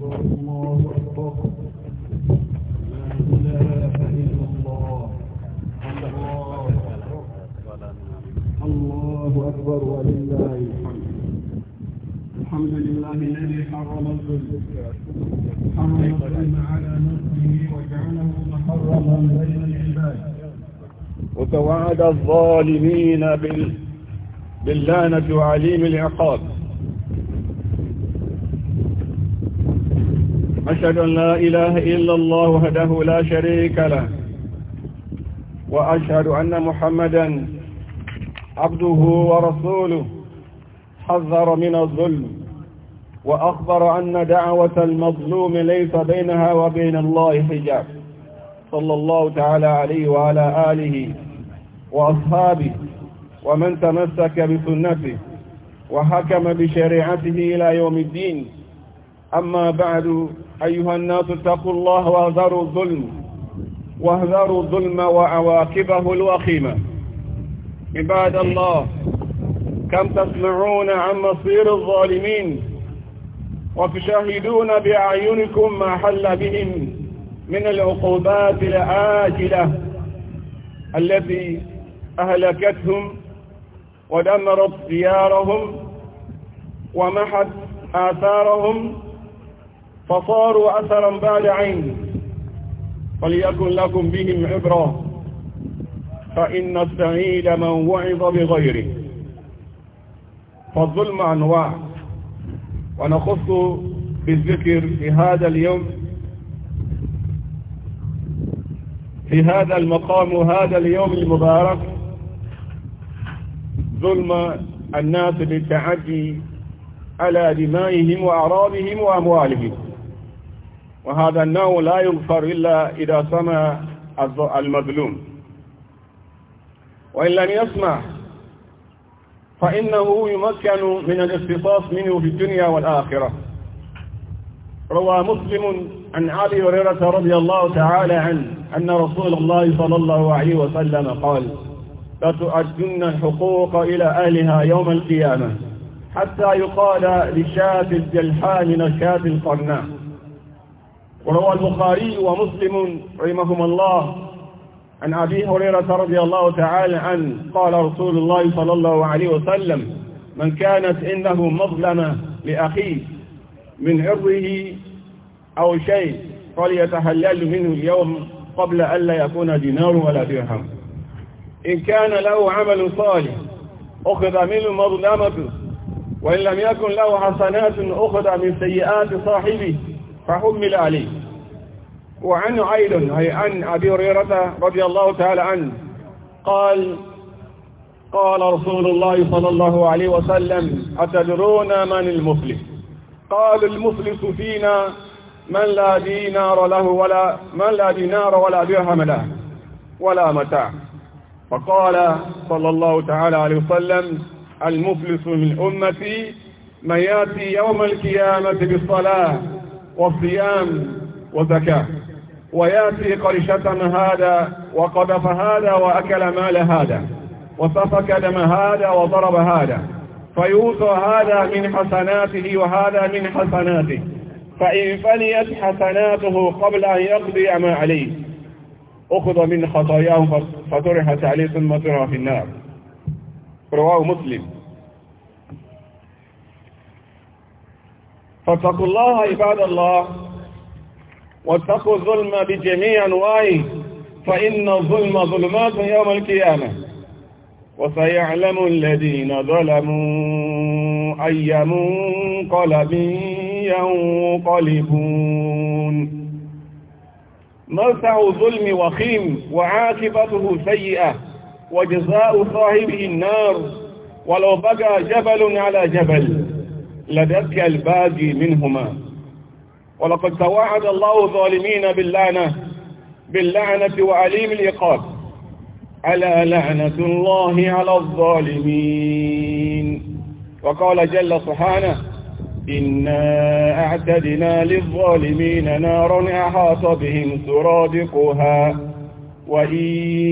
أكبر ولله الحمد الحمد لله الذي على نفسه وجعله محرما بين العباد وتوعد الظالمين بال... باللعنة وعليم العقاب أشهد أن لا إله إلا الله وحده لا شريك له وأشهد أن محمدا عبده ورسوله حذر من الظلم وأخبر أن دعوة المظلوم ليس بينها وبين الله حجاب صلى الله تعالى عليه وعلى آله وأصحابه ومن تمسك بسنته وحكم بشريعته إلى يوم الدين أما بعد أيها الناس اتقوا الله واهذروا الظلم واهذروا الظلم وعواقبه الوخيمة عباد الله كم تسمعون عن مصير الظالمين وتشاهدون بأعينكم ما حل بهم من العقوبات العاجلة التي أهلكتهم ودمرت ديارهم ومحت آثارهم فصاروا أثرا بعد عين فليكن لكم بهم عبرة فإن السعيد من وعظ بغيره فالظلم أنواع ونخص بالذكر في هذا اليوم في هذا المقام هذا اليوم المبارك ظلم الناس بالتعدي على دمائهم وأعراضهم وأموالهم وهذا النوع لا يغفر إلا إذا سمع المظلوم وإن لم يسمع فإنه يمكن من الاختصاص منه في الدنيا والآخرة روى مسلم عن علي هريرة رضي الله تعالى عنه أن رسول الله صلى الله عليه وسلم قال لتؤدن الحقوق إلى أهلها يوم القيامة حتى يقال لشاة الجلحاء من شاة القرناء وروى البخاري ومسلم رحمهما الله عن أبي هريرة رضي الله تعالى عنه قال رسول الله صلى الله عليه وسلم من كانت عنده مظلمة لأخيه من عرضه أو شيء فليتحلل منه اليوم قبل أن لا يكون دينار ولا درهم إن كان له عمل صالح أخذ منه مظلمته وإن لم يكن له حسنات أخذ من سيئات صاحبه فحمل عليه وعن عيل أي عن أبي هريرة رضي الله تعالى عنه قال قال رسول الله صلى الله عليه وسلم أتدرون من المفلس قال المفلس فينا من لا دينار له ولا من لا دينار ولا درهم له ولا متاع فقال صلى الله تعالى عليه وسلم المفلس من أمتي من يأتي يوم القيامة بالصلاة وصيام وزكاة ويأتي قد شتم هذا وقذف هذا وأكل مال هذا وسفك دم هذا وضرب هذا فيوصى هذا من حسناته وهذا من حسناته فإن فنيت حسناته قبل أن يقضي ما عليه أخذ من خطاياه فطرحت عليه ثم ترى في النار رواه مسلم فاتقوا الله عباد الله واتقوا الظلم بجميع أنواعه فإن الظلم ظلمات يوم القيامة وسيعلم الذين ظلموا أي منقلب ينقلبون مرتع ظلم وخيم وعاقبته سيئة وجزاء صاحبه النار ولو بقى جبل على جبل لدك الباقي منهما ولقد توعد الله الظالمين باللعنة باللعنة وعليم الإقاب ألا لعنة الله على الظالمين وقال جل سبحانه إنا أعتدنا للظالمين نارا أحاط بهم سرادقها وإن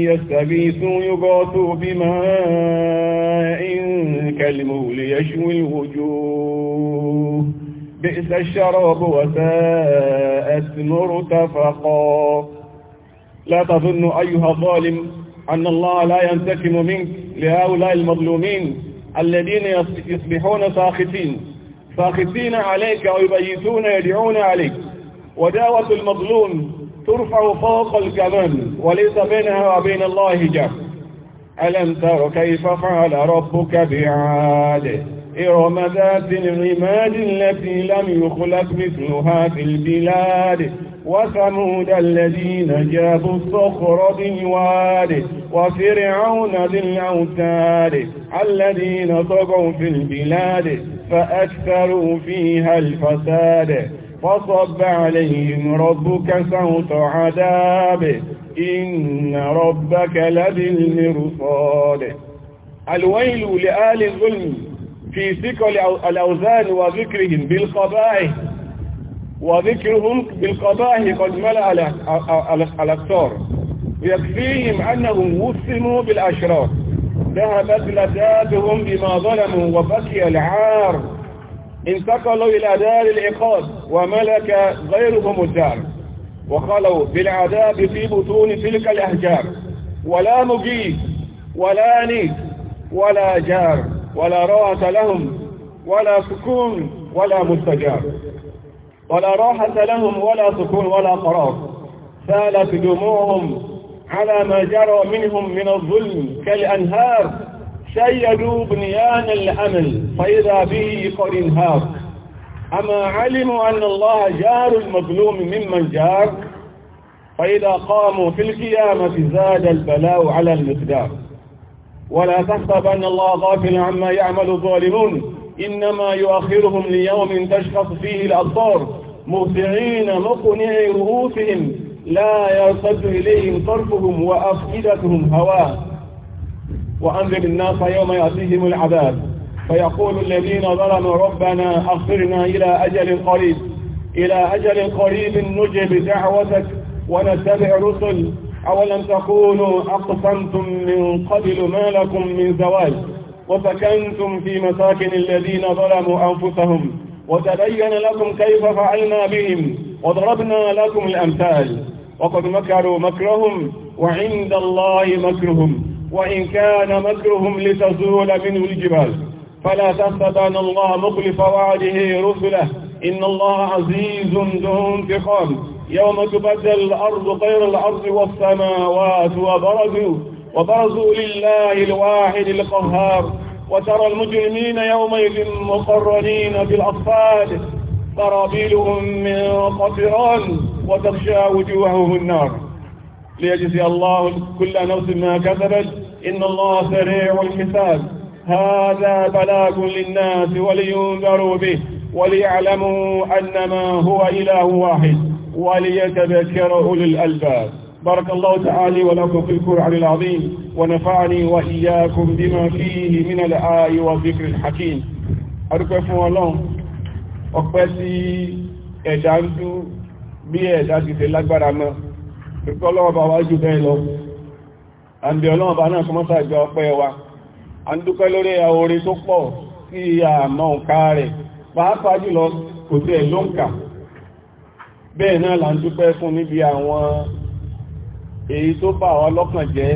يستغيثوا يغاثوا بماء كالمول يشوي الوجوه بئس الشراب وساءت مرتفقا لا تظن أيها الظالم أن الله لا ينتقم منك لهؤلاء المظلومين الذين يصبحون ساخطين ساخطين عليك ويبيتون يدعون عليك ودعوة المظلوم ترفع فوق الجبل وليس بينها وبين الله حجاب ألم تر كيف فعل ربك بعاد إرم ذات العماد التي لم يخلق مثلها في البلاد وثمود الذين جابوا الصخر بالواد وفرعون ذي الأوتاد الذين طغوا في البلاد فأكثروا فيها الفساد فصب عليهم ربك سوط عذاب إن ربك لبالمرصاد الويل لآل الظلم في ثقل الأوزان وذكرهم بالقبائه وذكرهم بالقبائه قد ملأ الأكثار يكفيهم أنهم وسموا بالأشرار ذهبت لذاتهم بما ظلموا وبكي العار انتقلوا إلى دار العقاب وملك غيرهم الدار وخلوا بالعذاب في بطون تلك الأحجار ولا مجيب ولا نيد ولا جار ولا راحة لهم ولا سكون ولا مستجار ولا راحة لهم ولا سكون ولا قرار سالت دموعهم على ما جرى منهم من الظلم كالأنهار شيدوا بنيان الامل فإذا به قد انهار أما علموا أن الله جار المظلوم ممن جار فإذا قاموا في القيامة زاد البلاء على المقدار ولا تحسب أن الله غافل عما يعمل الظالمون إنما يؤخرهم ليوم تشخص فيه الأبصار مهطعين مقنعي رؤوسهم لا يرتد إليهم طرفهم وأفئدتهم هواه وأنذر الناس يوم يأتيهم العذاب فيقول الذين ظلموا ربنا أخرنا إلى أجل قريب إلى أجل قريب نجب دعوتك ونتبع رسل أولم تكونوا أقسمتم من قبل ما لكم من زوال وسكنتم في مساكن الذين ظلموا أنفسهم وتبين لكم كيف فعلنا بهم وضربنا لكم الأمثال وقد مكروا مكرهم وعند الله مكرهم وإن كان مكرهم لتزول منه الجبال فلا تحسبن الله مخلف وعده رسله إن الله عزيز ذو انتقام يوم تبدل الأرض غير الأرض والسماوات وبرزوا وبرزوا لله الواحد القهار وترى المجرمين يومئذ مقرنين في الأصفاد سرابيلهم من قطران وتغشى وجوههم النار ليجزي الله كل نفس ما كسبت إن الله سريع الحساب هذا بلاغ للناس ولينذروا به وليعلموا أنما هو إله واحد وليتذكر أولي الألباب بارك الله تعالى ولكم في القرآن العظيم ونفعني وإياكم بما فيه من الآي والذكر الحكيم أركفوا الله أقبسي أجعلت بي أجعلت في الأكبر pẹ̀kọ́ ọlọ́wọ́ bá wájú bẹ́ẹ̀ lọ àbí ọlọ́wọ́ bá náà kọmọ́sà ìjọ ọpẹ́ a ń dúpẹ́ lórí oore tó pọ̀ sí àmọ́ òǹkà rẹ̀ pàápàá jùlọ kò sí ẹ̀ ló ń kà bẹ́ẹ̀ náà là ń dúpẹ́ fún níbi àwọn èyí tó bà wá lọ́kàn jẹ́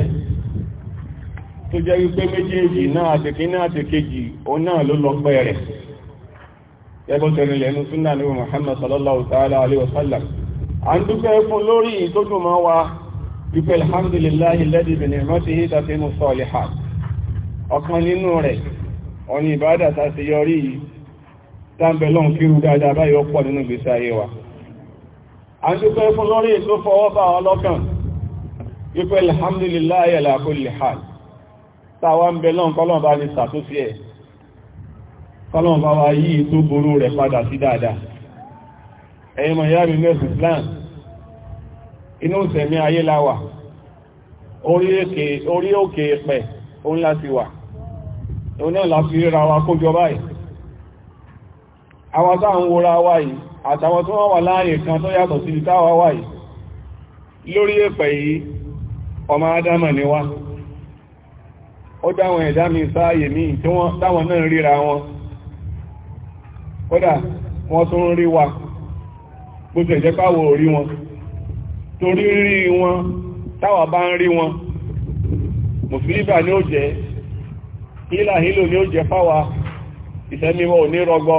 tó jẹ́ wípé méjèèjì náà àtẹ̀kí náà àtẹ̀kejì òun náà ló lọ pẹ́ rẹ̀ gẹ́gọ́ tẹ̀rìnlẹ̀ nínú súnnà ní Muhammad sallallahu ta'ala alaihi wasallam a ń dúpẹ́ fún lórí ìtójú ma wa dúpẹ́ alhamdulillahi lẹ́dí bìnì rántí hítà tí mo sọ lè ha ọ̀kan nínú rẹ̀ ọ̀nà ìbádà ta ti yọrí tàbẹ̀lọ́n kírù dáadáa báyọ̀ pọ̀ nínú ìgbésí ayé wa a ń dúpẹ́ fún lórí ìtó fọwọ́ bá ọlọ́kàn dúpẹ́ alhamdulillahi ala kulli ẹ̀yìn miami nurse islam inú ìsẹ̀mí ayé la wà orí òkè pẹ̀ òun láti wà òun náà láti ríra wa kójọ báyìí àwọn táà ń wòra wa yìí àtàwọn tó wọ́n wà láàyè kan tó yàtọ̀ sí táwa wà yìí lórí èpẹ̀ yìí ọmọ adámà ni wá ó dáwọn ẹ̀dá mi sáàyè ní táwọn náà ríra wọn kódà wọ́n tún rí wa bó ṣe jẹ́ orí wọn torí rí wọn táwà bá ń rí wọn mùsùlùmí ni ó jẹ́ hílàhílò ni ó jẹ́ fáwa ìṣẹ́míwọ̀ ò rọgbọ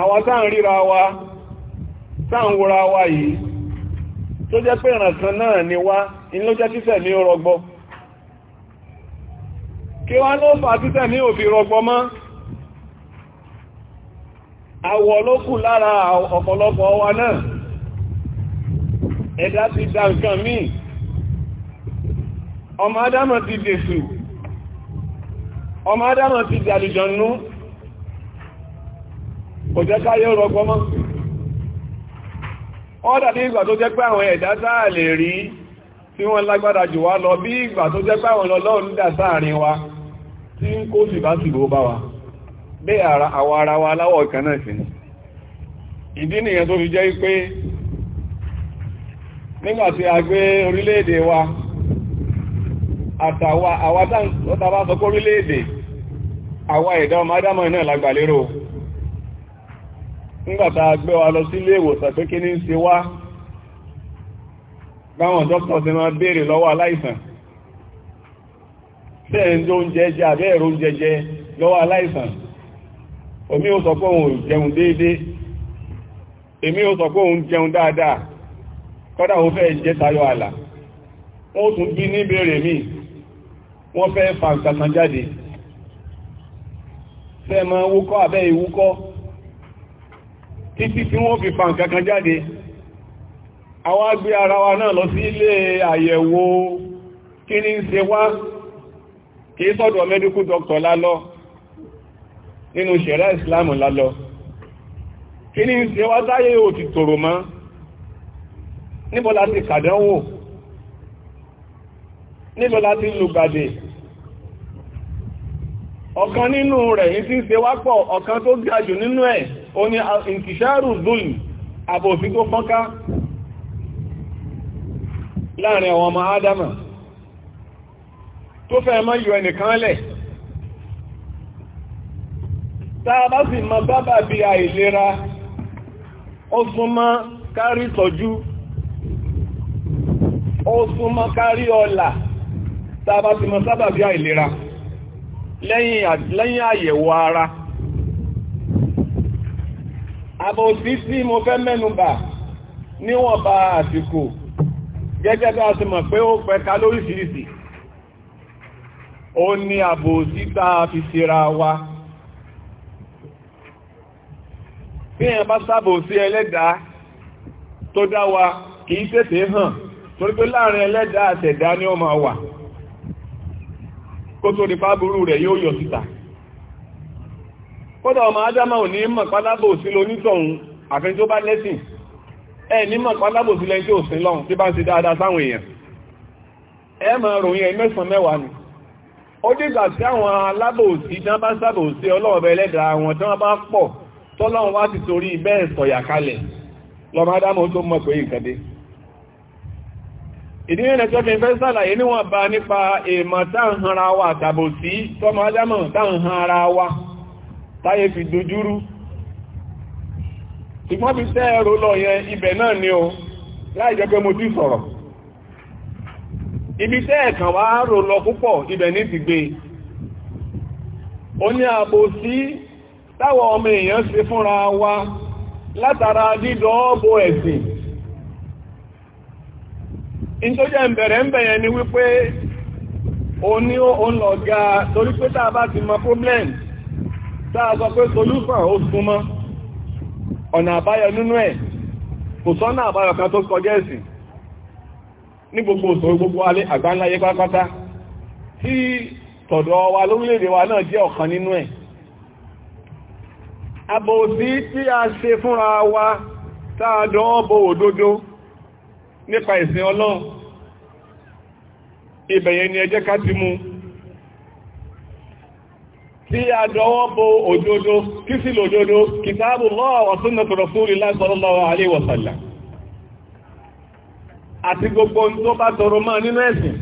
àwọn ń ríra wa táà ń wúra wa yìí tó jẹ́ pé ìrànkan náà ni wá inú ló jẹ́ títẹ̀ ní kí wá ló fà títẹ̀ ní àwọ̀ olókù lára ọ̀pọ̀lọpọ̀ wa náà ẹ̀dá ti dá nǹkan míì ọmọ adámọ̀ ti dèsù ọmọ adámọ̀ ti dàlìjọ̀nú kò jẹ́ káyé rọgbọ́mọ́ ọ́dà ní ìgbà tó jẹ́ pé àwọn ẹ̀dá sáà lè rí tí wọ́n jù wá lọ bí ìgbà tó jẹ́ pé àwọn ọlọ́run dà sáàrin wa tí ń wa bẹ́ àwọ̀ ara wa aláwọ̀ ìkan náà sí ni ìdí nìyẹn tó fi jẹ́ pé nígbàtí a gbé orílẹ̀-èdè wa àtàwà àwátàbá sọ orílẹ̀-èdè àwa ẹ̀dá ọmọ adámọ̀ náà lágbàlérò nígbàtà gbé wa lọ sí ilé pé kí ní ṣe wá báwọn dókítà ti máa béèrè lọ́wọ́ aláìsàn bẹ́ẹ̀ ń tó oúnjẹ jẹ àbẹ́ẹ̀rọ oúnjẹ jẹ lọ́wọ́ aláìsàn omi ó sọ pé òun jẹun déédéé èmi ó sọ pé òun jẹun dáadáa kọ́dà ó fẹ́ jẹ́ tayọ àlà wọ́n tún bí ní ìbéèrè mi wọ́n fẹ́ fa nǹkan jáde fẹ́ẹ̀mọ́ wúkọ́ abẹ́ ìwúkọ́ títí tí wọ́n fi fa jáde àwọn agbé ara wa náà lọ sí ilé àyẹ̀wò kí ní ń ṣe wá kìí sọ́dọ̀ medical doctor lálọ́ nínú ṣẹ̀rá ìsìláàmù lálọ kí ní ṣe wá táyé ò ti tòrò mọ́ níbo la ti kàdánwò níbo la ti lùgbàdè ọ̀kan nínú rẹ̀ ní tí ń ṣe wá pọ̀ ọ̀kan tó ga nínú ẹ̀ o ni ìkìṣàrù zulm àbòsí tó fọ́nká láàrin ọmọ ádámà tó fẹ́ mọ́ yọ ẹnìkan lẹ̀ tààbá sì mọ bábà bí àìlera ó súnmọ́ kárí tọ́jú ó súnmọ́ kárí ọlà tààbá sì mọ sábà bí àìlera lẹ́yìn àyẹ̀wò ara àbòsí tí mo fẹ́ mẹ́nubà níwọ̀nba àsìkò gẹ́gẹ́ bí a ti mọ̀ pé ó pẹ̀ka lóríṣìíríṣìí ó ní àbòsí tá a fi ṣera wa bí ẹ bá sábò sí ẹlẹ́dàá tó dá wa kì í tètè hàn torí pé láàrin ẹlẹ́dàá àtẹ̀dá ni ó máa wà kó tó nípa burú rẹ̀ yóò yọ síta kódà ọmọ adáma ò ní mọ̀ pálábò sí lonítọ̀hún àfẹ́ tó bá lẹ́sìn ẹ ní mọ̀ pálábò sí lẹ́yìn tí ò sin lọ́hun tí bá ń ṣe dáadáa sáwọn èèyàn ẹ mọ̀ ròyìn ẹ mẹ́sàn mẹ́wàá ni ó dìgbà tí àwọn alábòsí tí wọ́n bá sábòsí ọlọ́ọ̀bẹ ẹlẹ́dàá wọn tí wọ́n bá pọ̀ tọ́lọ́run wá ti torí bẹ́ẹ̀ sọ̀yà kalẹ̀ lọ́mọ tó mọ̀ pé ìkàdé ìdí tó fi fẹ́ sàlàyé níwọ̀n bá nípa èèmọ̀ táǹhanra wa tàbò sí tọ́mọ adámọ̀ wa táyé fi dojúrú ṣùgbọ́n ti sọ̀rọ̀ o táwọn ọmọ èèyàn ṣe fúnra wa látara dídọ́ ọ́bọ̀ ẹ̀sìn in tó jẹ́ ìbẹ̀rẹ̀ ń ni wípé o ní o ń lọ ga torí pé bá ti mọ problem tá sọ pé solution ó súnmọ́ ọ̀nà àbáyọ nínú ẹ̀ kò sọ́nà àbáyọ kan tó kọjá ẹ̀sìn ní gbogbo gbogbo alẹ́ pátápátá tí tọ̀dọ̀ wa lórílẹ̀-èdè wa náà jẹ́ ọ̀kan àbòsí tí a ṣe fúnra wa táàdán bò òdodo nípa ìsìn ọlọ́run ibẹ̀yẹ ni ẹjẹ́ ká ti mú tí a dọwọ́ bo òdodo kí sí lòdodo kitabullah wa sunnatu rasulillahi sallallahu alaihi wa sallam àti gbogbo tó bá tọrọ mọ́ nínú ẹ̀sìn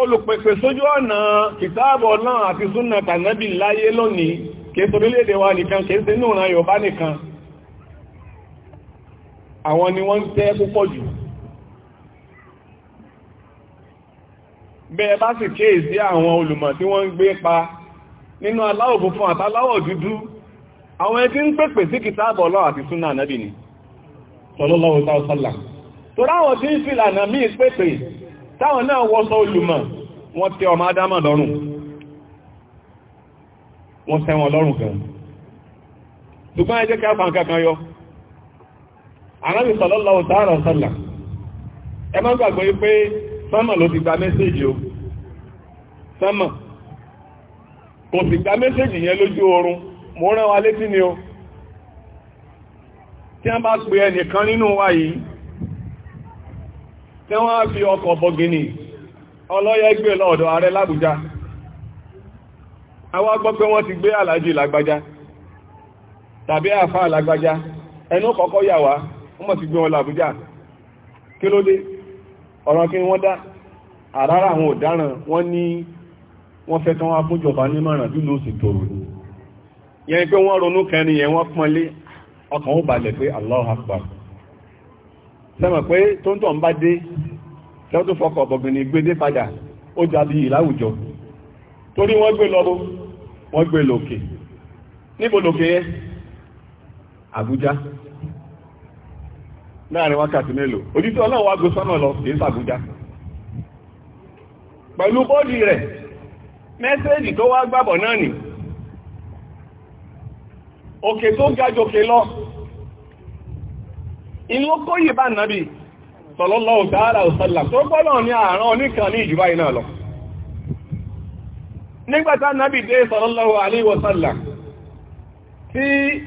olùpẹ̀pẹ̀ sójú ọ̀nà kìtàbọ̀ náà àti súnà tànàbì láyé lónìí kìí sọrílẹ̀-èdè wa nìkan kìí sí náà Yorùbá nìkan àwọn ni wọ́n ń tẹ́ púpọ̀ jù bẹ́ẹ̀ bá sì kéè sí àwọn olùmọ̀ tí wọ́n ń gbé pa nínú aláwọ̀ funfun àtàláwọ̀ dúdú àwọn ẹni tí ń pèpè sí kìtàbọ̀ náà àti súnà ànábì ni sallallahu ta'ala sallam torí àwọn tí ń fi lànà míì pèpè táwọn náà wọ́sọ olùmọ̀ wọ́n tẹ ọmọ adámà lọ́rùn wọ́n sẹ́ wọn lọ́rùn gan ṣùgbọ́n ẹjẹ́ ká fàn kankan yọ anábì sallallahu ta'ala sallam ẹ má gbàgbọ́ pé sánmà ló ti gba mẹ́sẹ́jì o sánmà kò sì gba mẹ́sẹ́jì yẹn lójú oorun mo rán wa létí ni o tí wọ́n bá pè ẹnìkan nínú wa yìí tí wọ́n fi ọkọ̀ bọ̀gìnì ọlọ́yẹ́ gbé lọ́ọ̀dọ̀ ààrẹ lábújá àwọn gbọ́ pé wọ́n ti gbé aláàjì lágbájá tàbí àfá lágbájá ẹnu kọ̀kọ́ yà wá wọ́n ti gbé wọn lábújá kí ló dé ọ̀ràn kí wọ́n dá àrárá àwọn ọ̀daràn wọ́n ní wọ́n fẹ́ kán wá fún ìjọba nímọ̀ràn tòrò yẹn pé wọ́n ronú kẹrin yẹn wọ́n pọ́nlé ọkàn ó balẹ̀ pé Akbar sẹ́mọ̀ pé tó ń tọ̀ ń bá dé tẹ́wọ́ tó fọkọ̀ ọ̀bọ̀gbìnrin gbé dé padà ó jáde yìí láwùjọ torí wọ́n gbé lọ́rọ́ wọ́n gbé lòkè níbo lòkè yẹn Àbújá láàrin wákàtí mélòó òdítí ọlọ́wọ́ agbó sọ́nà lọ kìí sàbújá pẹ̀lú bọ́ọ̀dì rẹ̀ mẹ́sẹ́ẹ̀dì tó wá gbàbọ̀ náà nì òkè tó gajòkè lọ inú okoye ba bá nàbí sallallahu ta'ala tọgbọla tó gbọ́lọ̀ ní àárán oníkan ní ìjùbá iná lọ nígbàtá nàbí dé sallallahu tí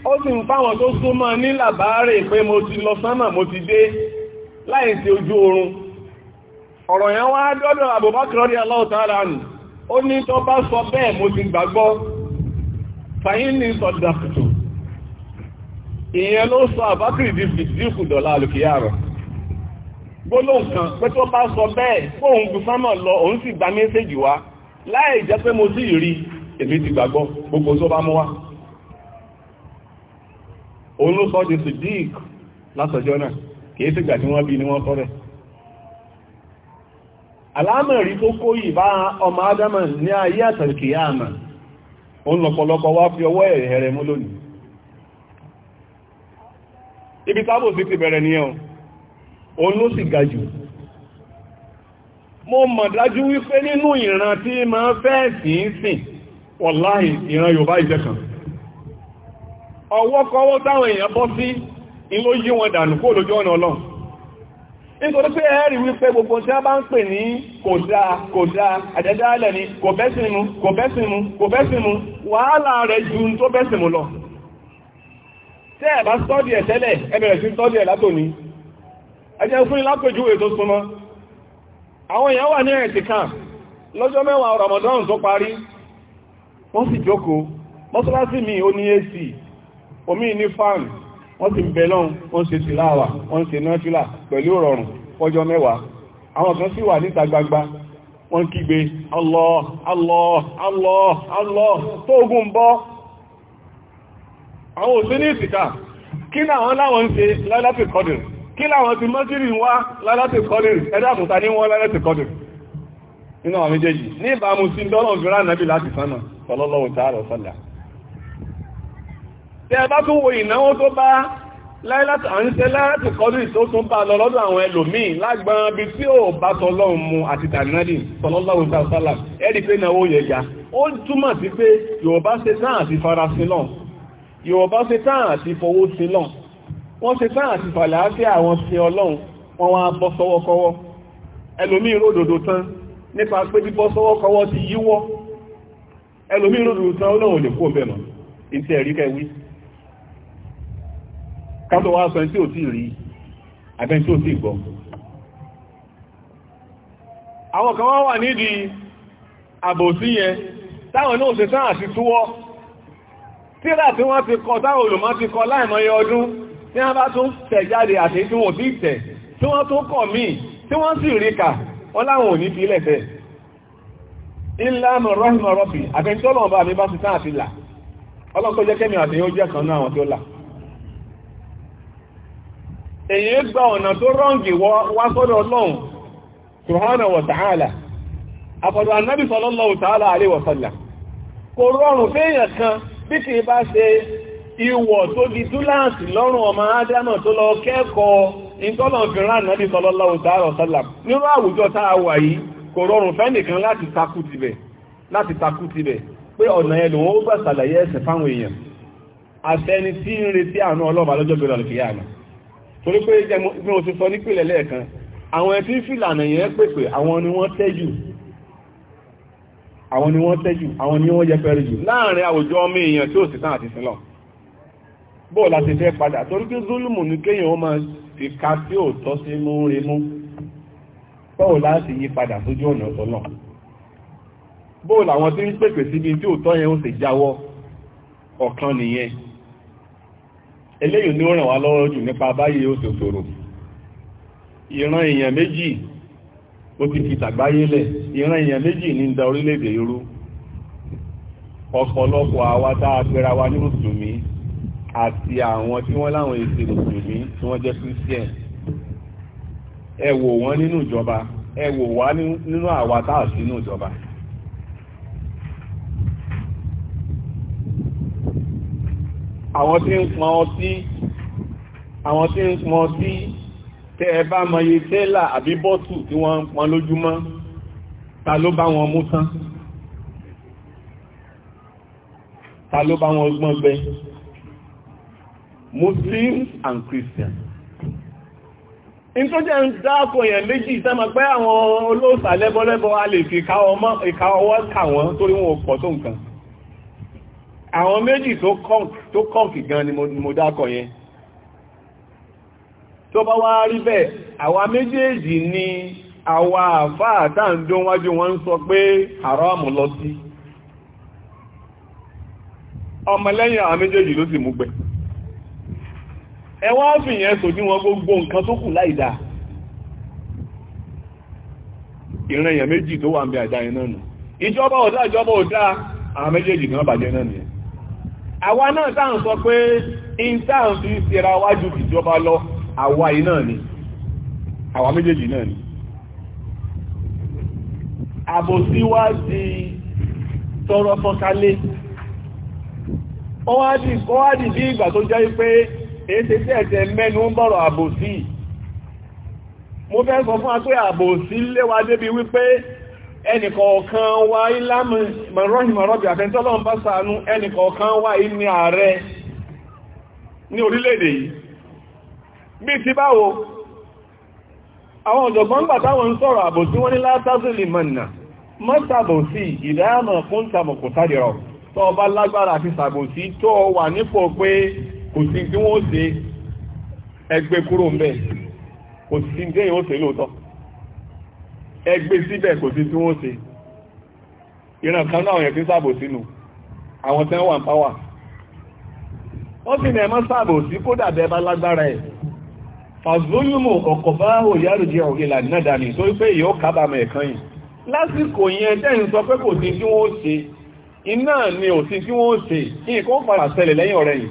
tó mo ti lọ mo ti ọ̀rọ̀ yẹn wá dọ́dọ̀ ó ní bá sọ bẹ́ẹ̀ mo ti gbàgbọ́ fàyín ní ìyẹn ló sọ àbákìrì di fìdíkù dọ̀lá alùkìyà rọ̀ gbólóhùn kan pé tó bá sọ bẹ́ẹ̀ fóun gùn sánmà lọ òun sì gba méséjì wá láì jẹ́ pé mo sì rí èmi ti gbàgbọ́ gbogbo tó bá mú wá òun ló sọ di fìdík látọjọ́ náà kìí sígbà tí wọ́n bí ni wọ́n sọ́rẹ̀ alámọ̀rí tó kó yìí bá ọmọ ádámà ní ayé àtàkìyà àmà òun lọ́pọ̀lọpọ̀ wá fi ọwọ́ ẹ̀rẹ̀ mú lónìí ibi tábò sí ti bẹ̀rẹ̀ ní ẹ̀hùn òun ló sì ga jù mo mọ̀ dájú wípé nínú ìran tí ma ń fẹ́ sìn sìn wọ̀láhì ìran Yorùbá ìjẹ́kan ọwọ́ kọwọ́ táwọn èèyàn bọ́ sí iló yí wọn dànù kó lójú ọ̀nà Ọlọ́run nítorí pé ẹ̀rí wípé gbogbo tí a bá ń pè ní kò dáa kò dáa àjẹ́dálẹ̀ ni kò bẹ́sìnmú kò bẹ́sìnmú kò bẹ́sìnmú wàhálà rẹ̀ ju tó bẹ́sìnmú lọ tẹ́ ẹ̀ ẹ̀ tẹ́lẹ̀ ẹ sí sọ́dí ẹ̀ látòní ẹjẹ́ fún ilápẹ̀júwé tó súnmọ́ àwọn èèyàn wà ní ẹ̀ẹ̀tì kan lọ́jọ́ mẹ́wàá Ramadan tó parí wọ́n sì jókòó mọ́sálásí mi ó ní ac omi ní fan wọ́n sì bẹ̀lọ́n wọ́n wọ́n pẹ̀lú sì wà wọ́n àwọn òsí ní ìsìká kí láwọn láwọn ń ṣe lálátì kọdìrì kí láwọn ti mọ́sírì wá lálátì kọdìrì ẹ̀dàkùnta ní wọ́n lálátì kọdìrì nínú àwọn méjèèjì ní ìbámu sí dọ́nà fìrà nàbí láti sánà sallallahu ta'ala wa sallam tí ẹ bá tún wo ìnáwó tó bá láìláti kọdìrì tó tún bá lọ lọ́dọ̀ àwọn ẹlòmíì lágbọn bí tí ó bá tọ́lọ́run mu àti tàbínádì sallallahu ta'ala wa sallam ẹ̀rí pé náwó yẹ ya ó túmọ̀ sí pé Yorùbá ṣe náà àti farasin náà Yorùbá se tán àti fowó sí lọ́n wọ́n ṣe tán àti fàlàáfíà àwọn sí ọlọ́run wọ́n wá bọ́ sọ́wọ́kọ́wọ́ ẹlòmí ìròdòdó tán nípa pé bíbọ́ sọ́wọ́kọ́wọ́ ti yíwọ́ ẹlòmí ìròdòdó tán ọlọ́run lè kó bẹ̀rẹ̀ ìtì ẹ̀rí kẹwí kátó wá sọ tí ò tí rí abẹ́ tí ò tí gbọ́ àwọn kan wá wà nídìí àbòsí yẹn táwọn náà ṣe tán àti túwọ́ tíra tí wọ́n ti kọ táwọn olùmọ́ ti kọ láìmọye ọdún tí wọ́n bá tún tẹ̀ jáde àti tí wọ́n ti tẹ̀ tí wọ́n tún kọ̀ míì tí wọ́n sì rí kà wọ́n láwọn ò fi lẹ̀fẹ́ mi bá ti tán àti là ọlọ́kọ́ jẹ́ kẹ́mì àti yóò jẹ́ kan náà àwọn tó là èyí gba ọ̀nà tó rọ́ǹgì sallallahu ta'ala alaihi wa sallam kò rọrùn fẹ́yàn kan bí kì í bá ṣe ìwọ̀ tó di túláàsì lọ́rùn ọmọ ádámọ̀ tó lọ kẹ́kọ̀ọ́ ìtọ́lọ̀gbìnrán ànábì sallallahu ta'ala sallam nínú àwùjọ tá a wà yìí kò rọrùn fẹ́nìkan láti takú tibẹ̀ láti takú tibẹ̀ pé ọ̀nà ẹlùn ó bá ṣàlàyé ẹ̀sẹ̀ fáwọn èèyàn àfẹ́ni tí ń retí àánú ọlọ́ọ̀bà lọ́jọ́ gbẹ̀rẹ̀ àlùkìyà àná torí pé bí mo ti sọ nípìnlẹ̀ lẹ́ẹ̀kan àwọn ẹtí fìlànà yẹn pèpè àwọn ni wọ́n tẹ́jù àwọn ni wọ́n tẹ́jù àwọn ni wọ́n yẹpẹrẹ jù láàrin àwùjọ ọmọ èèyàn tí ó sì tán àti sílọ̀ bó láti fẹ́ padà torí pé zulumu ní kéèyàn ó máa fi ká tí ó tọ́ sí mú rí mú bọ́ọ̀ láti yí padà sójú ọ̀nà ọ̀tọ̀ náà bóò làwọn tí ń pèpè síbi tí ó tọ́ yẹn ó sì jáwọ́ ọ̀kan nìyẹn eléyìí ni ó ràn wá lọ́wọ́ jù nípa báyìí ó sì ṣòro ìran èèyàn méjì ó ti fi tàgbáyé lẹ̀ ìran èèyàn méjì ní ń da orílẹ̀-èdè yorù ọ̀pọ̀lọpọ̀ àwa tá a pera wa ní mùsùlùmí àti àwọn tí wọ́n láwọn èsì mùsùlùmí tí wọ́n jẹ́ christian ẹ wò wọ́n nínú ìjọba ẹ wò wá nínú àwa tá a sí nínú ìjọba àwọn tí ń pọn ọtí àwọn tí ń pọn ọtí tẹ ẹ bá mọye tẹ́là àbí bọ́tù tí wọ́n ń pọn lójúmọ́ ta ló bá wọn mú tán ta ló bá wọn gbọ́n gbẹ Muslims and Christians ìtọ́jẹ́ ń dákò yẹn méjì ìsẹ́mọ̀ pé àwọn olóòsà lẹ́bọ́lẹ́bọ́ a lè fi ìka ọwọ́ kà wọ́n torí wọn ò pọ̀ tó nǹkan àwọn méjì tó kọ́ǹkì gan ni mo dákò yẹn tó bá wá rí bẹ́ẹ̀ àwa méjèèjì ni àwa àfáà tàǹdó wájú wọn ń sọ pé haram lọ sí ọmọlẹ́yìn àwọn méjèèjì ló sì mú gbẹ ẹwà fìyẹn sòdí wọn gbogbo nǹkan tó kù láìdá ìran èèyàn méjì tó wà ń bí àdá náà nù ìjọba ọ̀dá ìjọba ọ̀dá àwọn méjèèjì kan bàjẹ́ náà nìyẹn àwa náà táà ń sọ pé in táà ń wájú ìjọba lọ àwa yìí náà ni àwa méjèèjì náà ni àbòsí wá di tọrọ fọ́nkálé ó wá dì bí ìgbà tó jẹ́ pé èéṣe tí ẹ̀tẹ̀ mẹ́nu ń bọ̀rọ̀ àbòsí mo fẹ́ sọ fún apé àbòsí léwa débi wípé ẹnìkọ̀ọ̀kan wa ìlàmù mọ̀rọ̀hìmọ̀rọ̀bì àfẹ́ntọ́lọ́ bí ti báwo àwọn ọ̀dọ̀gbọ́n gbà táwọn ń sọ̀rọ̀ àbò tí wọ́n ní látásílì mọ̀nà mọ́sàbòsí ìdáyàmọ̀ fún tàbùkù sádìrọ̀ tó ọba lágbára àti sàbòsí tó wà nípò pé kò sí tí wọ́n ṣe ẹgbẹ́ kúrò ń bẹ̀ kò sí tí wọ́n ṣe lóòótọ́ ẹgbẹ́ síbẹ̀ kò sí tí wọ́n ṣe ìran kan náà yẹ̀ sí nù àwọn tẹ́ pàwà wọ́n sì nẹ̀mọ́ sàbòsí kódà bẹ́ẹ̀ bá lágbára ẹ̀ fàzúlùmù ọ̀kọ̀báhò yàrùjẹ́ òhìlà nádàmì tó wípé yóò kábàmọ̀ ẹ̀kan yìí lásìkò yẹn tẹ́yìn sọ pé kò sí tí wọ́n ṣe iná ni ò sí tí wọ́n se kí n kó fara lẹ́yìn ọ̀rẹ́ yìí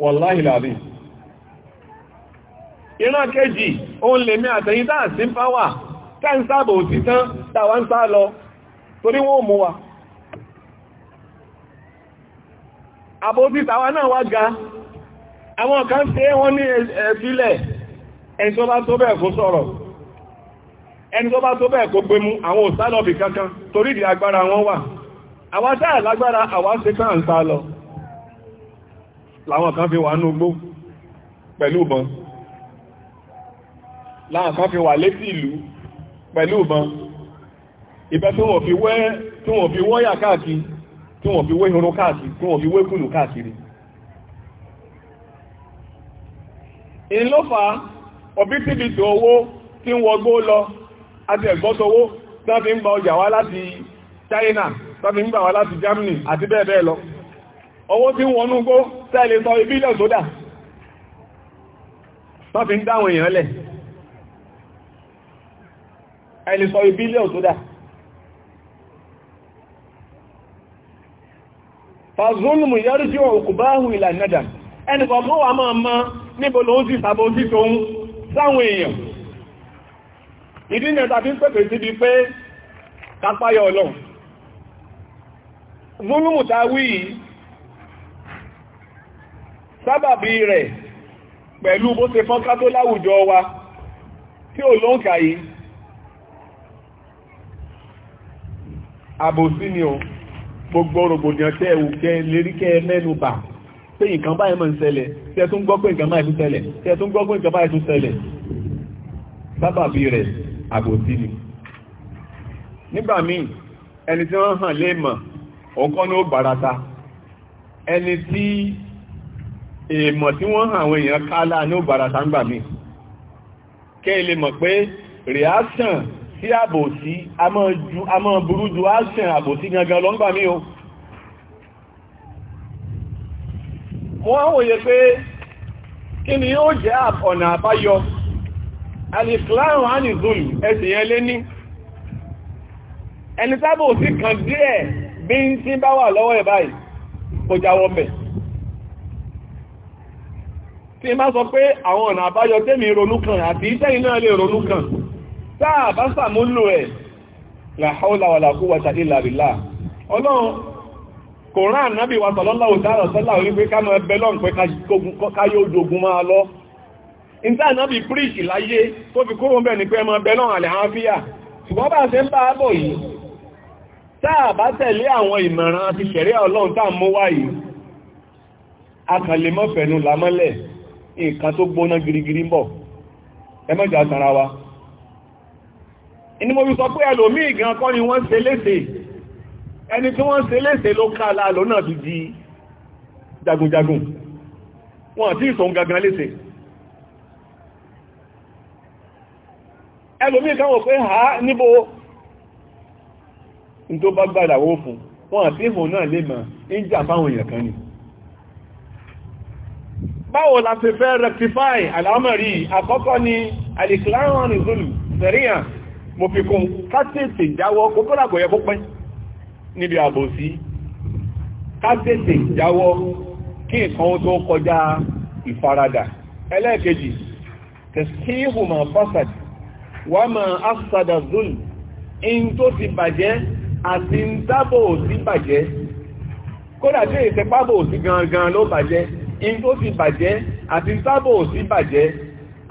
wọ̀láhìláàbí ìran keji, le lọ torí wọ́n wa tàwa náà wá ga àwọn kan ṣe wọ́n ní ẹ̀fílẹ̀ ẹni tó bá tó bẹ́ẹ̀ kó sọ̀rọ̀ ẹni tó bá tó bẹ́ẹ̀ kó gbémú àwọn òsálọ̀bì kankan torí ìdí agbára wọn wà àwa táà lágbára àwa ṣe káà ń sá lọ láwọn kan fi wà ní ugbó pẹ̀lú ìbọn láwọn kan fi wà létí ìlú pẹ̀lú ìbọn ibẹ̀ tí wọ́n fi wẹ́ tí wọ́n fi wọ́yà káàkiri tí wọ́n fi wé irun káàkiri tí wọ́n fi wé kùlù káàkiri ìlọ́fàá òbítíbitì owó tí ń wọgbó lọ àti ẹ̀gbọ́sowó tán fi ń gba ọjà wá láti China fi ń wá láti Germany àti lọ owó tí ń wọnú tẹ́lẹ̀ sọ ibílẹ̀ sódà fi ń dáwọn èèyàn lẹ̀ tí wọ́n bá hù ìlànà dà ẹnìkan máa níbo sáwọn èèyàn ìdí ní ẹ̀ta fi ń pẹ̀pẹ̀ síbi pé kápáyọ ọlọ́run múlùmù ta wí yìí sábàbí rẹ̀ pẹ̀lú bó ṣe fọ́nká tó láwùjọ wa tí ò lóǹkà yìí àbòsí ni o gbogbo rògbòdìyàn tẹ́ ẹ̀wù lérí kẹ mẹ́nu bàá pé nǹkan báyìí mọ̀ ń ṣẹlẹ̀ tí ẹ tún gbọ́ pé nǹkan báyìí tún ṣẹlẹ̀ tí ẹ tún gbọ́ pé nǹkan báyìí tún ṣẹlẹ̀ sábàbí rẹ̀ àbòsí ni nígbà míì ẹni tí wọ́n hàn lè mọ̀ ọ̀kan ní ó gbàrata ẹni tí èèmọ̀ tí wọ́n hàn àwọn èèyàn kálá ní ó gbàrata nígbà míì kẹ́ ẹ mọ̀ pé reaction sí àbòsí a máa burú ju action àbòsí gangan lọ nígbà míì o mo wá wòye pé kí ni ó jẹ́ ọ̀nà àbáyọ alìsìláàrùn ánìzùn ẹ̀sìn yẹn lé ní ẹni tábò sí kan díẹ̀ bí ń tí bá wà lọ́wọ́ ẹ̀ báyìí kò jáwọ́ mẹ́ tí má sọ pé àwọn ọ̀nà àbáyọ tẹ́mi ronú àti ìtẹ́yìn náà lè ronú kan bá sàmúlò ẹ̀ la hawla wala kò rán ànábì wa sọ̀lọ́láwò sáàrọ̀ sọ́lá wípé ká máa lọ́n pé káyé ojogun máa lọ ìta ànábì príṣì láyé tó fi kúrò bẹ́ẹ̀ ni pé máa bẹ́lọ́n àlẹ́ àáfíà ṣùgbọ́n bá ṣe ń bá bọ̀ yìí táà bá tẹ̀lé àwọn ìmọ̀ràn àti ṣẹ̀rẹ́ ẹni tí wọ́n ṣe léṣe ló ká aláàlò náà ti di jagunjagun wọ́n tí ìsọ̀n gangan léṣe ẹlòmí káwọn pé ha níbo ní tó bá gbádà wó fún wọ́n àti ìfò náà lè mọ̀ ń jà fáwọn èèyàn kan ni báwo la ṣe fẹ́ rectify alámọ̀rí àkọ́kọ́ ni alìkìláwọn mo fi kún kásìtì jáwọ́ kókó làkòyẹ kó pẹ́ níbi àbòsí ká tètè jáwọ́ kí nǹkan ó tó kọjá ìfaradà ẹlẹ́ẹ̀kejì tẹ̀síhù ma fasad wà ma afsada zul in tó ti bàjẹ́ àti ń dábò sí bàjẹ́ kódà tí èsẹ pábò sí gangan ló bàjẹ́ in tó ti bàjẹ́ àti ń dábò sí bàjẹ́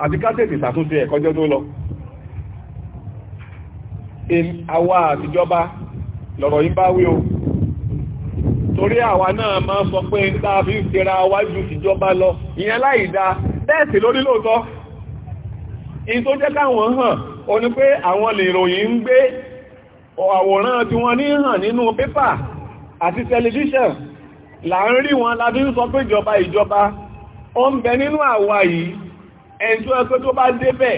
àti ká tètè ẹ̀kọ́jọ́ tó lọ lọ̀rọ̀ yí bá wí o torí àwa náà máa sọ pé dáa fi ń fẹ́ra wájú ìjọba lọ ìyẹn láì dáa bẹ́ẹ̀sì lórí lóòtọ́ in tó jẹ́ káwọn hàn o ní pé àwọn lè ròyìn ń gbé àwòrán tí wọ́n ní hàn nínú pépà àti tẹlifíṣàn là ń rí wọn lábí ń sọ pé ìjọba ìjọba ó ń bẹ nínú àwa yìí ẹni tó ẹgbẹ́ tó bá débẹ̀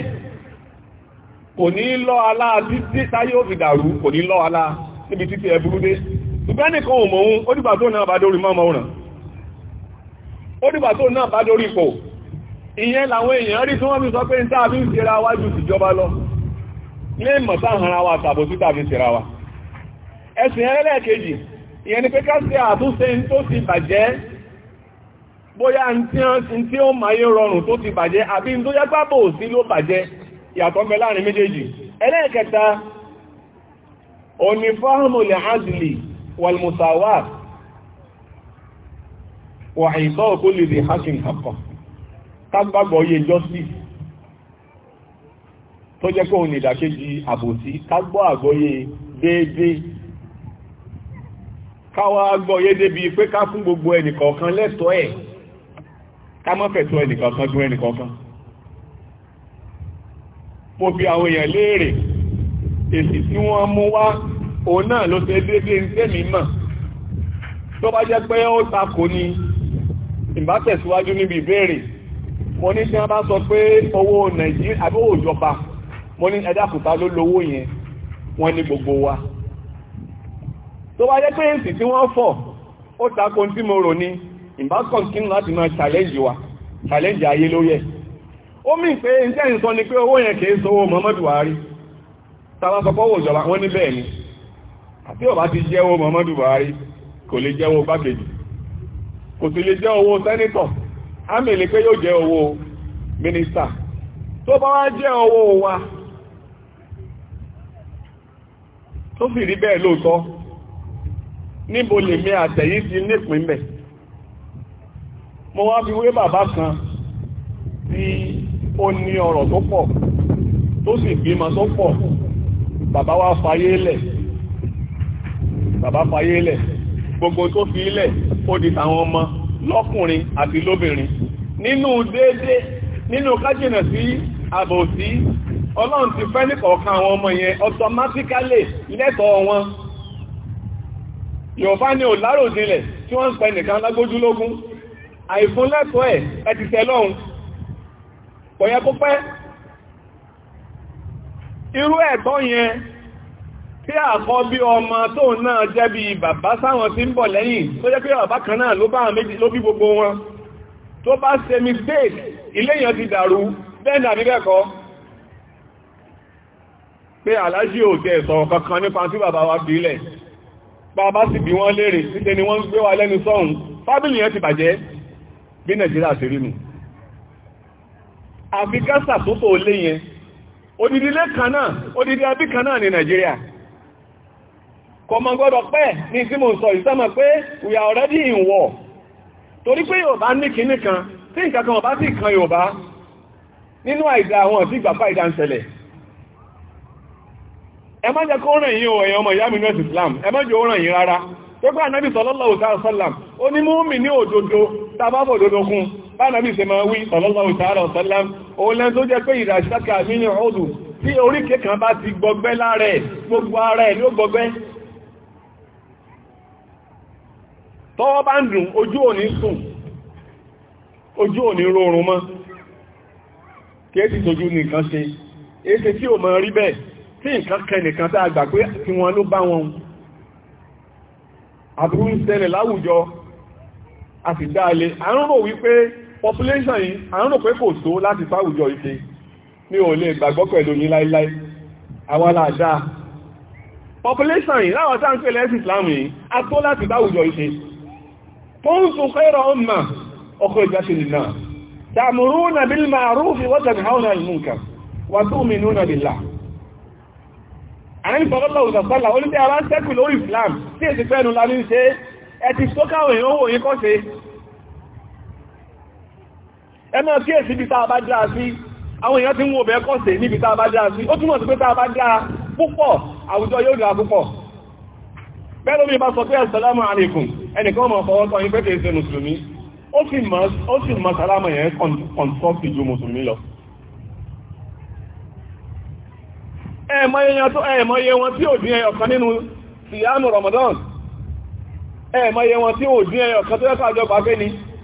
kò ní lọ́ alá títí táyé ó fi dàrú kò ní lọ́ alá níbi títí ẹ̀ burú dé ṣùgbọ́n nìkan ò mọ̀ ohun ó dìgbà tó náà bá dórí mọ́ ọmọ ó dìgbà tó náà bá dórí ipò ìyẹn làwọn èèyàn rí tí wọ́n fi sọ pé ń tàbí ń ṣera wá ju tìjọba lọ lè mọ̀ sáhànra wa tàbò sí tàbí ṣera wa ẹ̀sìn ẹlẹ́ẹ̀kejì ìyẹn ni pé ká ṣe àtúnṣe tó ti bàjẹ́ bóyá n tí ó máyé òní fáhàmù lè hajjìlì wàlmùsàwà wà ìtọ́ òkú lè dè hashin haqqo tágbàgbọ́ yẹ justice tó jẹ́ kó ní ìdàkejì àbòsí tágbọ́ àgbọ́yé déédé káwà àgbọ́yé débi pé ká fún gbogbo ẹnìkọ̀ọ̀kan lẹ́tọ́ ẹ̀ ká má mo fi àwọn èèyàn léèrè èsì tí wọ́n mú wá òun náà ló ṣe déédéé ń tẹ́mi mọ̀ tó bá jẹ́ pé ó takò ní ìbátẹ̀síwájú níbi ìbéèrè mo ní tí wọ́n bá sọ pé owó nàìjíríà àbí owó ìjọba ní ẹ̀dàkùtà ló lówó yẹn wọ́n ní gbogbo wa tó bá jẹ́ pé èsì tí wọ́n fọ̀ ó takò tí mo rò ní ìbákọ̀ntínú láti máa challenge wa challenge ayé lórí ẹ̀ ó mì pé ń tẹ́yìn sọ tàbá sọ pọ́wọ́ ìjọba wọ́n ní bẹ́ẹ̀ ni àti ọba ti jẹ́wọ́ Muhammadu Buhari kò lè jẹ́wọ́ gbákejì kò sì lè jẹ́ owó sẹ́nítọ̀ ámìlì pé yóò jẹ́ owó mínísítà tó bá wá jẹ́ owó wa tó sì rí bẹ́ẹ̀ lóòótọ́ níbo lè mi àtẹ̀yí ti nípìn bẹ̀ mo wá fi wé bàbá kan tí ó ní ọrọ̀ tó pọ̀ tó sì bímọ tó pọ̀ bàbá wa fayé lẹ̀ bàbá fayé lẹ̀ gbogbo tó fi lẹ̀ ó di tàwọn ọmọ lọ́kùnrin àti lóbìnrin nínú déédé nínú kájìnà sí àbòsí ọlọ́run ti fẹ́ ní kọ̀ọ̀kan àwọn ọmọ yẹn automatically lẹ́tọ̀ọ́ wọn yorùbá ni ò láròjinlẹ̀ tí wọ́n ń pẹ nìkan lágbójúlógún àìfúnlẹ́tọ̀ọ́ ẹ̀ ẹ ti tẹ́ lọ́hun kò irú ẹ̀tọ́ yẹn tí àkọ́ bí ọmọ tó náà jẹ́ bí bàbá sáwọn tí ń bọ̀ lẹ́yìn tó jẹ́ pé bàbá kan náà ló bá àwọn méjì ló bí gbogbo wọn tó bá ṣe mistake iléyàn ti dàrú bẹ́ẹ̀nà níbẹ̀kọ́ pé aláṣí ò tẹ́ sọ̀rọ̀ kankan nípa tí bàbá wa bí ilẹ̀ bàbá sì bí wọ́n lérè títẹ́ ni wọ́n gbé wa lẹ́nu sọ́hun fábílì yẹn ti bàjẹ́ bí nàìjíríà odidi ilé kan náà odidi abi kan náà Nigeria kò mọ̀ gbọ́dọ̀ pẹ́ ní tí mo sọ ìsámọ̀ pé we are already in war torí pé Yorùbá ní kan tí nǹkankan ọba kan Yorùbá nínú àìdá àwọn àti ìgbàpá ìdá ń ṣẹlẹ̀ ẹ má jẹ́ kó o ọmọ ìyá mi nọ́ọ̀sì Islam ẹ má jẹ́ rárá tó gbà náà bí ó ní mú bánàbí ṣe máa wí sallallahu ta'ala wa sallam òun tó jẹ́ pé ìràṣákà nínú ọdún tí oríkè kan bá ti gbọgbẹ́ lára ẹ̀ gbogbo ara ẹ̀ ló gbọgbẹ́ tọ́wọ́ bá ń dùn ojú ò ní sùn ojú ò ní rọrùn mọ́ kéèsì tójú nìkan ṣe èsì tí ò mọ̀ rí bẹ́ẹ̀ tí nǹkan kẹnìkan tá a gbà pé tí wọn ló bá wọn àbúrú ń ṣẹlẹ̀ láwùjọ a sì dáa lé à ń rò population yìí àwọn rò pé kò tó láti fáwùjọ ìṣe mi ò lè gbàgbọ́ pẹ̀lú yín láíláí àwọn aláàdá population yìí láwọn tá ń pè lẹ́sìn Islam yìí a tó láti báwùjọ ìṣe tó ń sun kẹ́rọ ọmọ ọkọ̀ ìjásílì náà ta'muruna bil ma'ruf wa tanhauna 'anil munkar wa tu'minuna billah àrin fọ́lọ́lọ́ òsàsọ́lá olùdí ara ń tẹ́kù lórí Islam tí èsì fẹ́nu la ní ṣe ẹ ti sókàwẹ̀ ìhòwò yíkọ́ ṣe ẹ máa kí èsì ibi tá a bá dá sí àwọn èèyàn ti ń wo bẹ́ẹ̀ kọ́sẹ̀ níbi tá a bá dá sí ó túmọ̀ sí pé tá a bá dá púpọ̀ àwùjọ yóò dá púpọ̀ bẹ́ẹ̀ lómi bá sọ pé assalamu alaikum ẹnìkan mọ̀ fọwọ́ kan ìfẹ́ kìí ṣe mùsùlùmí ó sì mọ̀ sálámà Ramadan ẹ̀mọ̀ye wọn tí ò dín ẹyọ kan tó yẹ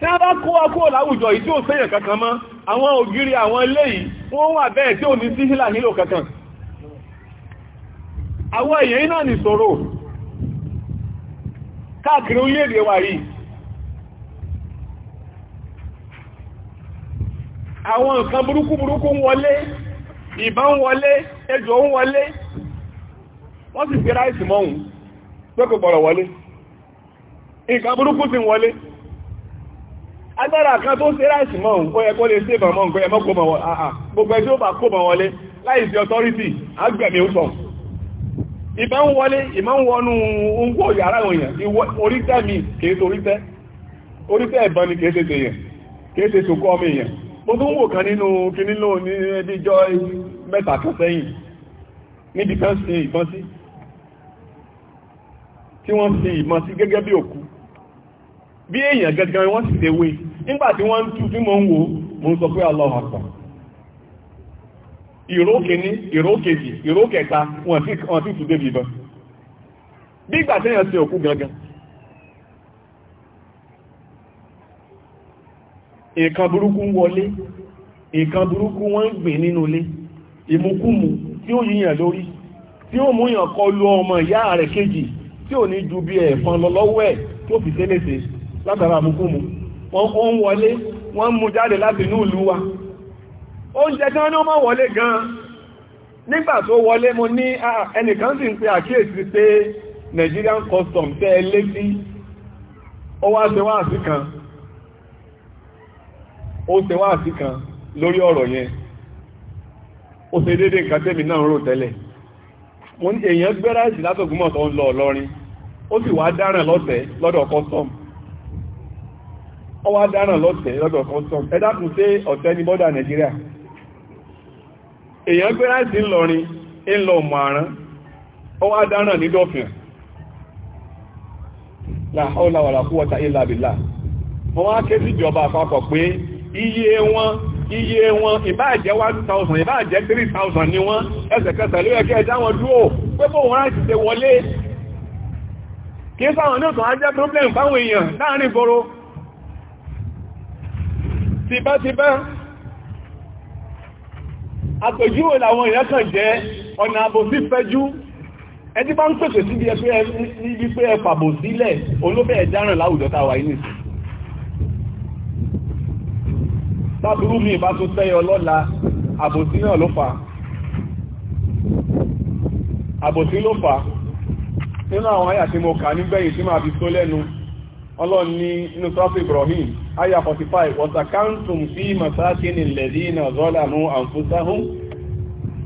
tí a bá kó wá kó láwùjọ yìí tí ó sẹ́yẹ̀ kankan mọ́ àwọn ògiri àwọn ilé yìí wọ́n wà bẹ́ẹ̀ tí ò ní sí hílà nílò kankan àwọn èèyàn iná ní ṣòro káàkiri orílẹ̀-èdè wa yìí àwọn nǹkan burúkú burúkú ń wọlé ìbọn ń wọlé ejò ń wọlé wọ́n sì fi ráìsì mọ́hun pé kò gbọ́rọ̀ wọlé nǹkan burúkú ti wọlé agbára kan tó ṣe ráìsì mọ́ òun kó ẹkọ́ lè ṣe mọ̀ mọ́ nǹkan ẹmọ́ kó mọ̀ wọ́n àà gbogbo ẹjọ́ bá kó mọ̀ wọlé láì sí ọtọ́rítì agbẹ̀mí ó sọ ìbá ń wọlé ìmá ń wọnú oúnjẹ yàrá òyìn orítẹ́ mi kìí ṣe orítẹ́ orítẹ́ ìbọn ni kìí ṣe tèèyàn kìí ṣe sòkó ọmọ èèyàn mo tún wò kan nínú kinínú ní ẹdíjọ́ mẹ́ta kan sẹ́yìn níbi kan sí ìbọn sí tí wọ́n fi ìbọn sí gẹ́gẹ́ bí òkú bí èèyàn gẹ́gẹ́ wọ́n sì ṣe wé nígbà tí wọ́n ń tú tí mo ń wo mo ń sọ pé Allahu Akbar ìró kìíní ìró kejì ìró kẹta wọ́n sì tún débi ìbọn bí ìgbà tí èèyàn ṣe òkú gangan nǹkan burúkú ń wọlé nǹkan burúkú wọ́n ń gbìn nínú ilé ìmukúmu tí ó yíyàn lórí tí ó mú yàn kọ lu ọmọ ìyá rẹ̀ kejì tí ò ní ju bí ẹ̀fọn lọ lọ́wọ́ ẹ̀ tó fi ṣe látara àmukúmu wọ́n wọlé wọ́n mú jáde láti inú ìlú wa oúnjẹ tí wọ́n ní ọmọ wọlé gan nígbà tó wọlé mo ní ah, ah, ẹnìkan sì ń pe àkíyèsí pé Nigerian custom, tẹ́ ẹlé sí ó wá ṣe wáàsí kan ó ṣe wáàsí kan lórí ọ̀rọ̀ yẹn ó ṣe dédé nǹkan tẹ́mi náà rò tẹ́lẹ̀ èèyàn gbẹ́ráìsì látògúnmọ̀ tó ń lọ Ọlọ́rin ó sì wá dáràn lọ́tẹ̀ lọ́dọ̀ customs ọwá dáràn lọ́tẹ̀ lọ́dọ̀ custom ẹ̀dàkùn sí ọ̀tẹ́ ní bọ́dà Nàìjíríà èèyàn gbé láti ńlọrin ńlọ mọ̀ràn ọwá dáràn ní dọ́fìn láhọ́láwàlá kú wọ́ta ìlàbìlà wọ́n wá ké sí ìjọba àpapọ̀ pé iye wọn iye wọn ìbáàjẹ́ 1000 ìbáàjẹ́ 3000 ni wọ́n ẹsẹ̀kẹsẹ̀ ló yẹ kí ẹ̀dá wọn dúró pé bó wọn láti ṣe wọlé kí sáwọn problem fáwọn èèyàn láàrin tibátibá àpèjúwò làwọn èèyàn kan jẹ́ ọ̀nà àbòsí fẹ́jú ẹni bá ń pèsè sí ibi pé ẹ fàbò sílẹ̀ olóbẹ̀ ẹ̀dáràn láwùjọ táwà inú ìsìn tábúrú mi bá tó tẹ́yọ lọ́la àbòsí náà ló fà àbòsí ló fà nínú àwọn àyà tí mo kà nígbẹ̀yìn tí máa fi tó lẹ́nu ọlọ́ni inú sọ́fí Ibrahim aya 45 wọ̀tàkántùm sí masáàkì ní lẹ̀dí na zọ́là mú àǹfúsáhún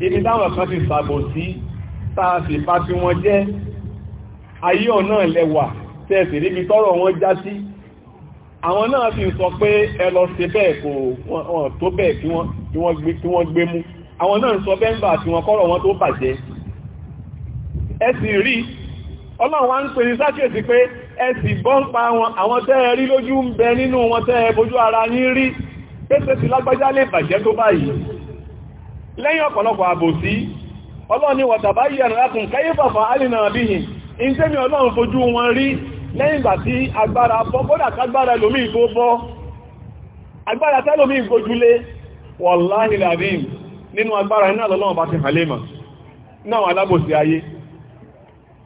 ibi táwọn kan ti sàbò sí tààfì bá tí wọ́n jẹ́ ayé ọ̀nà lẹ́wà tẹ́ẹ̀sì níbi tọ́rọ̀ wọn já sí àwọn náà sì sọ pé ẹ lọ ṣe bẹ́ẹ̀ kò wọ́n tó bẹ́ẹ̀ tí wọ́n gbé mú àwọn náà sọ bẹ́ẹ̀ ń bà tí wọ́n kọ́rọ̀ wọn tó bàjẹ́ ẹ sì rí ọlọ́run wá ń pè ní sákèsí pé ẹsì bọ́ǹpa wọn àwọn tẹ́ẹ̀ rí lójú ń bẹ nínú wọn tẹ́ẹ̀ bójú ara yín rí pẹ́sẹ̀ sí lágbájá lè bàjẹ́ tó báyìí lẹ́yìn ọ̀pọ̀lọpọ̀ àbòsí ọlọ́run ni wọ̀tàbá yìí ẹ̀nà lákùn káyífàfà alìnà àbíhìn in tẹ́mi ọlọ́run fojú wọn rí lẹ́yìn ìgbà tí agbára bọ́ bọ́dà kágbára lómi ìgbó bọ́ agbára tẹ́lómi ìgbójúlé wọ̀láhìlàdín nínú agbára iná lọ́lọ́run bá ti hàlẹ́mà náà alábòsí ayé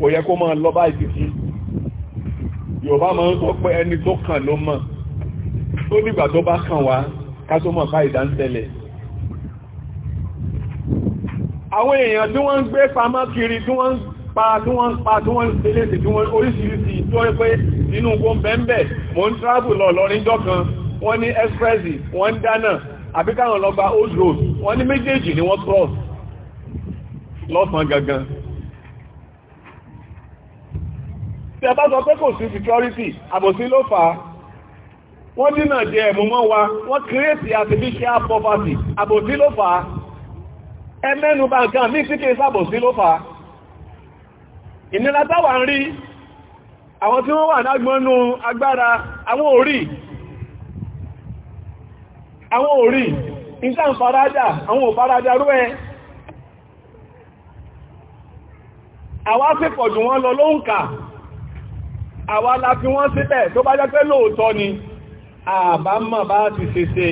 kò yẹ kó máa lọ báyìí títí yorùbá máa ń sọ pé ẹni tó kàn ló mọ̀ tó dìgbà tó bá kàn wá ká tó mọ̀ báyìí dáńtẹ́lẹ̀ àwọn èèyàn tí wọ́n ń gbé pamọ́ kiri tí wọ́n ń pa tí wọ́n ń pa tí wọ́n ń tẹ́lẹ̀ tí wọ́n oríṣiríṣi tó rí pé nínú kó ń bẹ́ẹ̀bẹ̀ mò ń travel lọ lọ́rin jọ́kan wọ́n ní express wọ́n ń dáná àbí káwọn lọ gba old road wọ́n ní méjèèjì ni wọ́n cross lọ́sàn gangan tí a bá sọ pé kò sí security àbòsí ló fà á wọ́n dínà jẹ ẹ̀mùmọ́ wa wọ́n kírèsì artificial poverty àbòsí ló fà á ẹmẹ́nu bá nǹkan ní sí kìí sàbòsí ló fà á ìnira táwa ń rí àwọn tí wọ́n wà lágbọ́nú agbára àwọn orí àwọn orí ìta ń faradà àwọn òfaradà rú ẹ àwọn á sì pọ̀jù wọn lọ lóǹkà àwa la fi wọ́n síbẹ̀ tó bá jẹ́ pé lóòótọ́ ni àbámọ̀ bá ti ṣeṣe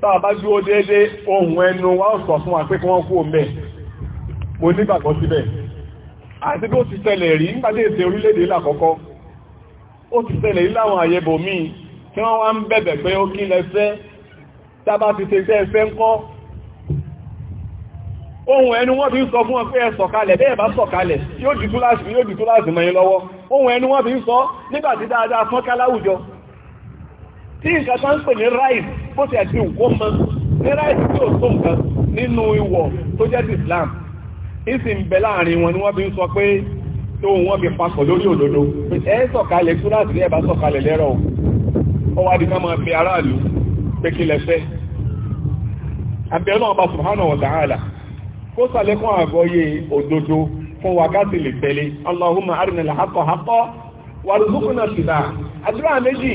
tàbá dúró déédé ohun ẹnu wá ọ̀sọ̀ fún wa pé kí wọ́n kú omi ẹ̀ mo nígbàgbọ́ síbẹ̀ àti bí ó ti ṣẹlẹ̀ rí nígbàdé ètè orílẹ̀-èdè lákọ́kọ́ ó ti ṣẹlẹ̀ rí láwọn àyẹ̀bò míì tí wọ́n wá ń bẹ̀bẹ̀ pé ó kí lẹ́sẹ́ tàbá ti ṣe ẹsẹ́ ń kọ́ ohun ẹnu wọ́n fi ń sọ fún ọ pé ẹ sọ̀kalẹ̀ bẹ́ẹ̀ bá sọ̀kalẹ̀ yóò di túláàsì yóò di túláàsì mọ́ yín lọ́wọ́ ohun ẹnu wọ́n fi ń sọ nígbàtí dáadáa fún káláwùjọ tí nǹkan tán ní rice bó ti ẹ̀sìn òkú mọ́ ní rice tí ó tó nǹkan nínú ìwọ̀ tó jẹ́ ti Islam ìsì ń bẹ láàrin wọn ni wọ́n fi ń sọ pé tó wọ́n fi papọ̀ lórí òdodo ẹ sọ̀kalẹ̀ ní ẹ̀bá sọ̀kalẹ̀ kó sàlékún àgọ́yé fún wa ká sì lè tẹ̀lé Allahumma arinala hakọ̀ hakọ̀ warzuqna tìlà àdúrà méjì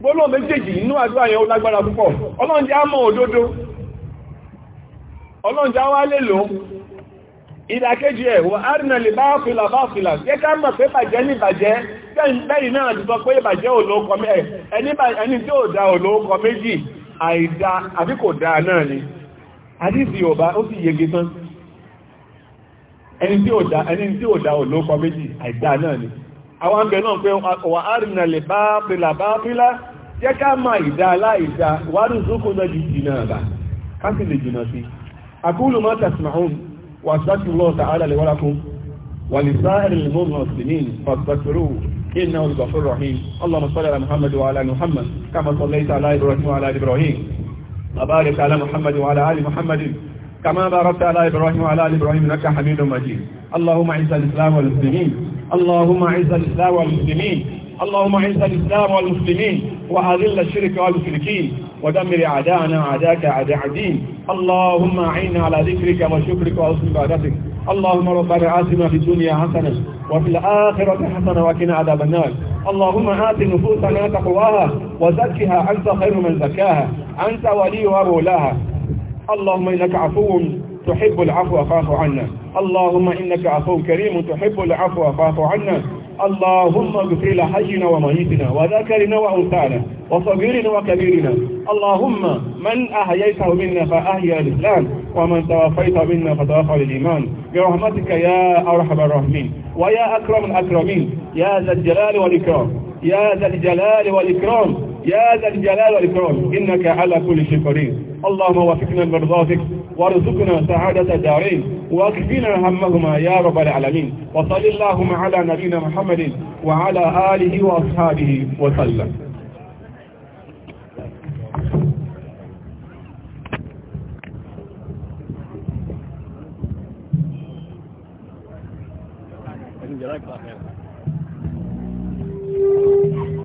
gbólóhùn méjèèjì inú àdúrà yẹn ó lágbára púpọ̀ ọlọ́run jẹ́ á mọ̀ òdodo ọlọ́run jẹ́ á wá lè lò ìdàkejì ẹ̀ wọ arìnàlè bá fìlà bá fìlà jẹ́ ká ẹni tí ò dá ẹni tí ò dá olókọ méjì àìdá náà ni àwọn àbẹ̀ náà pé wà árìnà bá pìlà bá pìlà jẹ́ ká ma ìdá aláìdá wádùn sókò náà jìnà àbá káfí lè jìnà sí akúlù má wà sátìlọ́ tààdà lè كما باركت على إبراهيم وعلى آل إبراهيم إنك حميد مجيد اللهم أعز الإسلام والمسلمين اللهم أعز الإسلام والمسلمين اللهم أعز الإسلام والمسلمين وأذل الشرك والمشركين ودمر أعداءنا أعداءك أعداء الدين اللهم أعنا على ذكرك وشكرك وحسن عبادتك اللهم ربنا آتنا في الدنيا حسنة وفي الآخرة حسنة وقنا عذاب النار اللهم آت نفوسنا تقواها وزكها أنت خير من زكاها أنت وليها مولاها اللهم إنك عفو تحب العفو فاعف عنا اللهم إنك عفو كريم تحب العفو فاعف عنا اللهم اغفر لحجنا وميتنا وذكرنا وأنثانا وصغيرنا وكبيرنا اللهم من أحييته منا فأحيا الإسلام ومن توفيته منا فتوفى للإيمان برحمتك يا أرحم الراحمين ويا أكرم الأكرمين يا ذا الجلال والإكرام يا ذا الجلال والإكرام يا ذا الجلال والإكرام إنك على كل شيء قدير اللهم وفقنا لمرضاتك وارزقنا سعادة الدارين واكفنا همهما يا رب العالمين وصل اللهم على نبينا محمد وعلى آله وأصحابه وسلم